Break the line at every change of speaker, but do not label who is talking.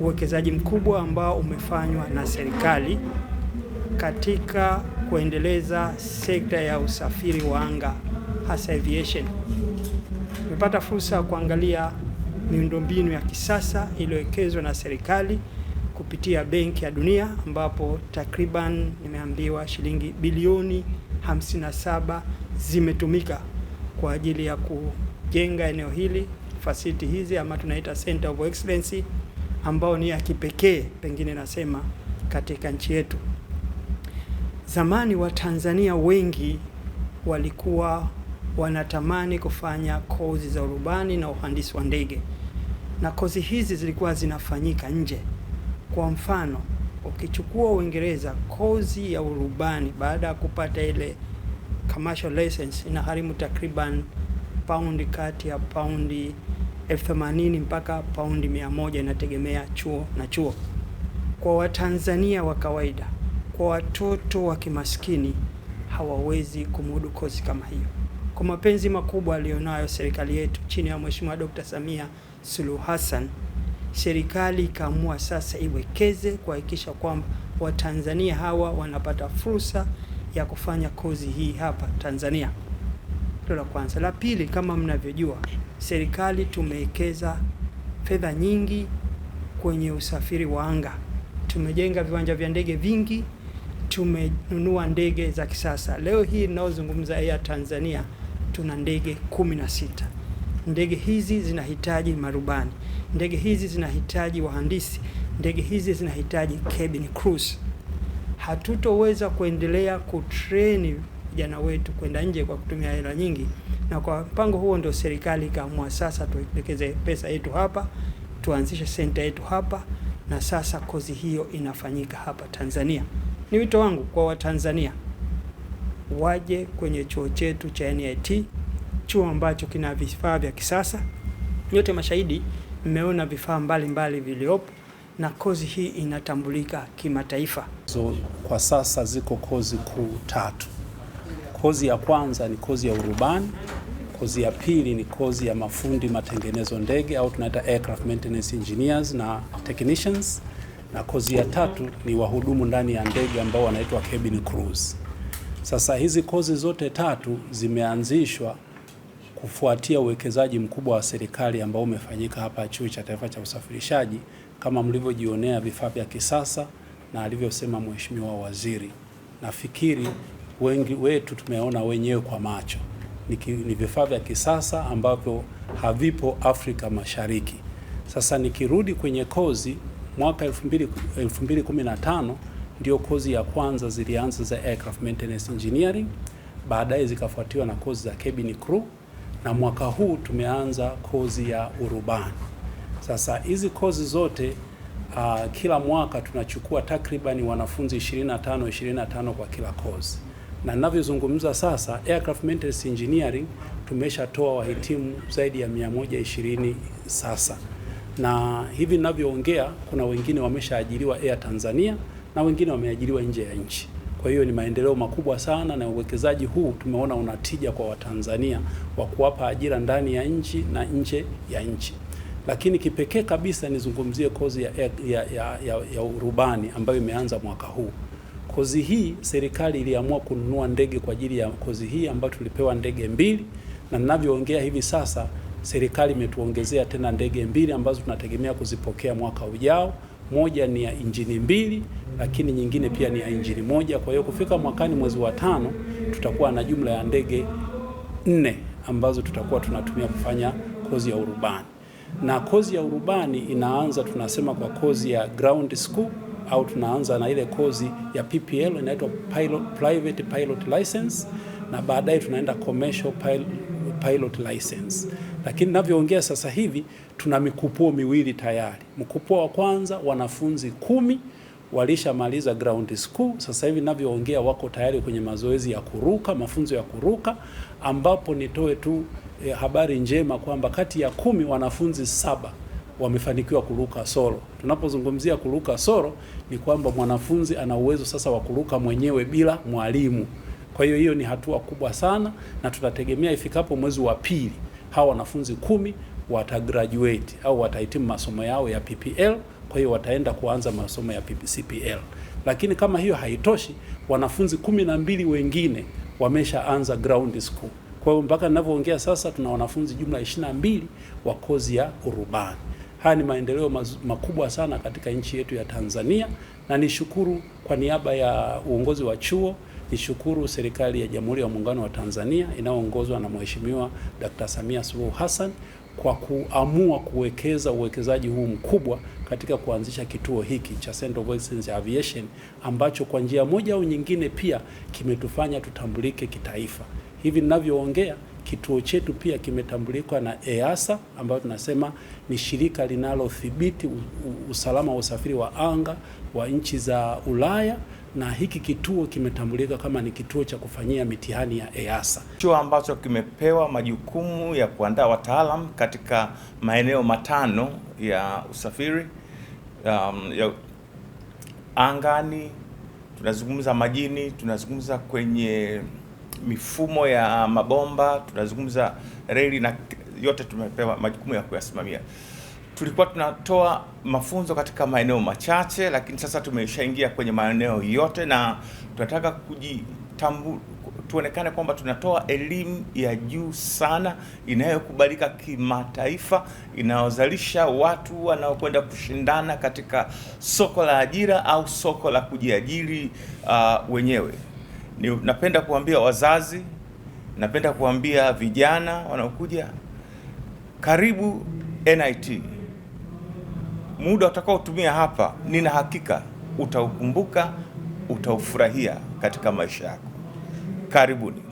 Uwekezaji mkubwa ambao umefanywa na serikali katika kuendeleza sekta ya usafiri wa anga hasa aviation. Nimepata fursa ya kuangalia miundombinu ya kisasa iliyowekezwa na serikali kupitia Benki ya Dunia ambapo takriban nimeambiwa shilingi bilioni 57 zimetumika kwa ajili ya kujenga eneo hili, facility hizi ama tunaita center of excellence ambayo ni ya kipekee, pengine nasema katika nchi yetu. Zamani Watanzania wengi walikuwa wanatamani kufanya kozi za urubani na uhandisi wa ndege, na kozi hizi zilikuwa zinafanyika nje. Kwa mfano, ukichukua Uingereza, kozi ya urubani baada ya kupata ile commercial license inaharimu takriban paundi kati ya paundi elfu themanini mpaka paundi mia moja inategemea chuo na chuo. Kwa Watanzania wa kawaida, kwa watoto wa kimaskini hawawezi kumudu kozi kama hiyo. Kwa mapenzi makubwa aliyonayo serikali yetu chini ya Mheshimiwa Dr. Samia Suluhu Hassan, serikali ikaamua sasa iwekeze kuhakikisha kwamba Watanzania hawa wanapata fursa ya kufanya kozi hii hapa Tanzania. Hilo la kwanza. La pili, kama mnavyojua serikali tumewekeza fedha nyingi kwenye usafiri wa anga, tumejenga viwanja vya ndege vingi, tumenunua ndege za kisasa. Leo hii ninaozungumza Air Tanzania tuna ndege 16. Ndege hizi zinahitaji marubani, ndege hizi zinahitaji wahandisi, ndege hizi zinahitaji cabin crews. Hatutoweza kuendelea kutreni vijana wetu kwenda nje kwa kutumia hela nyingi na kwa mpango huo ndio serikali ikaamua sasa tuwekeze pesa yetu hapa, tuanzishe senta yetu hapa, na sasa kozi hiyo inafanyika hapa Tanzania. Ni wito wangu kwa Watanzania waje kwenye chuo chetu cha NIT, chuo ambacho kina vifaa vya kisasa. Nyote mashahidi, mmeona vifaa mbalimbali viliopo na kozi hii inatambulika kimataifa.
So, kwa sasa ziko kozi kuu tatu Kozi ya kwanza ni kozi ya urubani, kozi ya pili ni kozi ya mafundi matengenezo ndege au tunaita aircraft maintenance engineers na technicians, na kozi ya tatu ni wahudumu ndani ya ndege ambao wanaitwa cabin crews. Sasa hizi kozi zote tatu zimeanzishwa kufuatia uwekezaji mkubwa wa serikali ambao umefanyika hapa Chuo cha Taifa cha Usafirishaji, kama mlivyojionea vifaa vya kisasa na alivyosema Mheshimiwa Waziri. Nafikiri wengi wetu tumeona wenyewe kwa macho ni, ni vifaa vya kisasa ambavyo havipo Afrika Mashariki. Sasa nikirudi kwenye kozi mwaka 2015 ndio kozi ya kwanza zilianza za aircraft maintenance engineering, baadaye zikafuatiwa na kozi za cabin crew na mwaka huu tumeanza kozi ya urubani. Sasa hizi kozi zote uh, kila mwaka tunachukua takribani wanafunzi 25 25 kwa kila kozi na ninavyozungumza sasa, aircraft maintenance engineering tumeshatoa wahitimu zaidi ya 120 sasa, na hivi ninavyoongea kuna wengine wameshaajiriwa Air Tanzania na wengine wameajiriwa nje ya nchi. Kwa hiyo ni maendeleo makubwa sana, na uwekezaji huu tumeona unatija kwa Watanzania wa kuwapa ajira ndani ya nchi na nje ya nchi. Lakini kipekee kabisa nizungumzie kozi ya, ya, ya, ya, ya urubani ambayo imeanza mwaka huu kozi hii serikali iliamua kununua ndege kwa ajili ya kozi hii ambayo tulipewa ndege mbili, na ninavyoongea hivi sasa serikali imetuongezea tena ndege mbili ambazo tunategemea kuzipokea mwaka ujao. Moja ni ya injini mbili, lakini nyingine pia ni ya injini moja. Kwa hiyo kufika mwakani mwezi wa tano tutakuwa na jumla ya ndege nne ambazo tutakuwa tunatumia kufanya kozi ya urubani, na kozi ya urubani inaanza tunasema kwa kozi ya ground school au tunaanza na ile kozi ya PPL inaitwa pilot, private pilot license na baadaye tunaenda commercial pilot, pilot license. Lakini ninavyoongea sasa hivi tuna mikupuo miwili tayari. Mkupuo wa kwanza wanafunzi kumi walishamaliza ground school. Sasa hivi ninavyoongea wako tayari kwenye mazoezi ya kuruka, mafunzo ya kuruka, ambapo nitoe tu eh, habari njema kwamba kati ya kumi wanafunzi saba wamefanikiwa kuruka solo. Tunapozungumzia kuruka solo ni kwamba mwanafunzi ana uwezo sasa wa kuruka mwenyewe bila mwalimu. Kwa hiyo hiyo ni hatua kubwa sana, na tutategemea ifikapo mwezi wa pili hawa wanafunzi kumi watagraduate au watahitimu masomo yao ya PPL. Kwa hiyo wataenda kuanza masomo ya PPCPL, lakini kama hiyo haitoshi, wanafunzi kumi na mbili wengine wameshaanza ground school. Kwa hiyo mpaka ninavyoongea sasa tuna wanafunzi jumla 22 wa kozi ya urubani. Haya ni maendeleo makubwa sana katika nchi yetu ya Tanzania, na nishukuru kwa niaba ya uongozi wa chuo, nishukuru serikali ya Jamhuri ya Muungano wa Tanzania inayoongozwa na Mheshimiwa Dr. Samia Suluhu Hassan kwa kuamua kuwekeza uwekezaji huu mkubwa katika kuanzisha kituo hiki cha Center of Excellence ya Aviation ambacho kwa njia moja au nyingine pia kimetufanya tutambulike kitaifa. Hivi ninavyoongea Kituo chetu pia kimetambulikwa na EASA ambayo tunasema ni shirika linalothibiti usalama wa usafiri wa anga wa nchi za Ulaya, na hiki kituo kimetambulika kama ni kituo cha kufanyia mitihani ya EASA,
chuo ambacho kimepewa majukumu ya kuandaa wataalam katika maeneo matano ya usafiri um, ya angani, tunazungumza majini, tunazungumza kwenye mifumo ya mabomba, tunazungumza reli na yote, tumepewa majukumu ya kuyasimamia. Tulikuwa tunatoa mafunzo katika maeneo machache, lakini sasa tumeshaingia kwenye maeneo yote na tunataka kujitambu tuonekane kwamba tunatoa elimu ya juu sana inayokubalika kimataifa inayozalisha watu wanaokwenda kushindana katika soko la ajira au soko la kujiajiri uh, wenyewe ni, napenda kuambia wazazi, napenda kuambia vijana wanaokuja karibu NIT. Muda utakaotumia hapa, nina hakika utaukumbuka, utaufurahia katika maisha yako. Karibuni.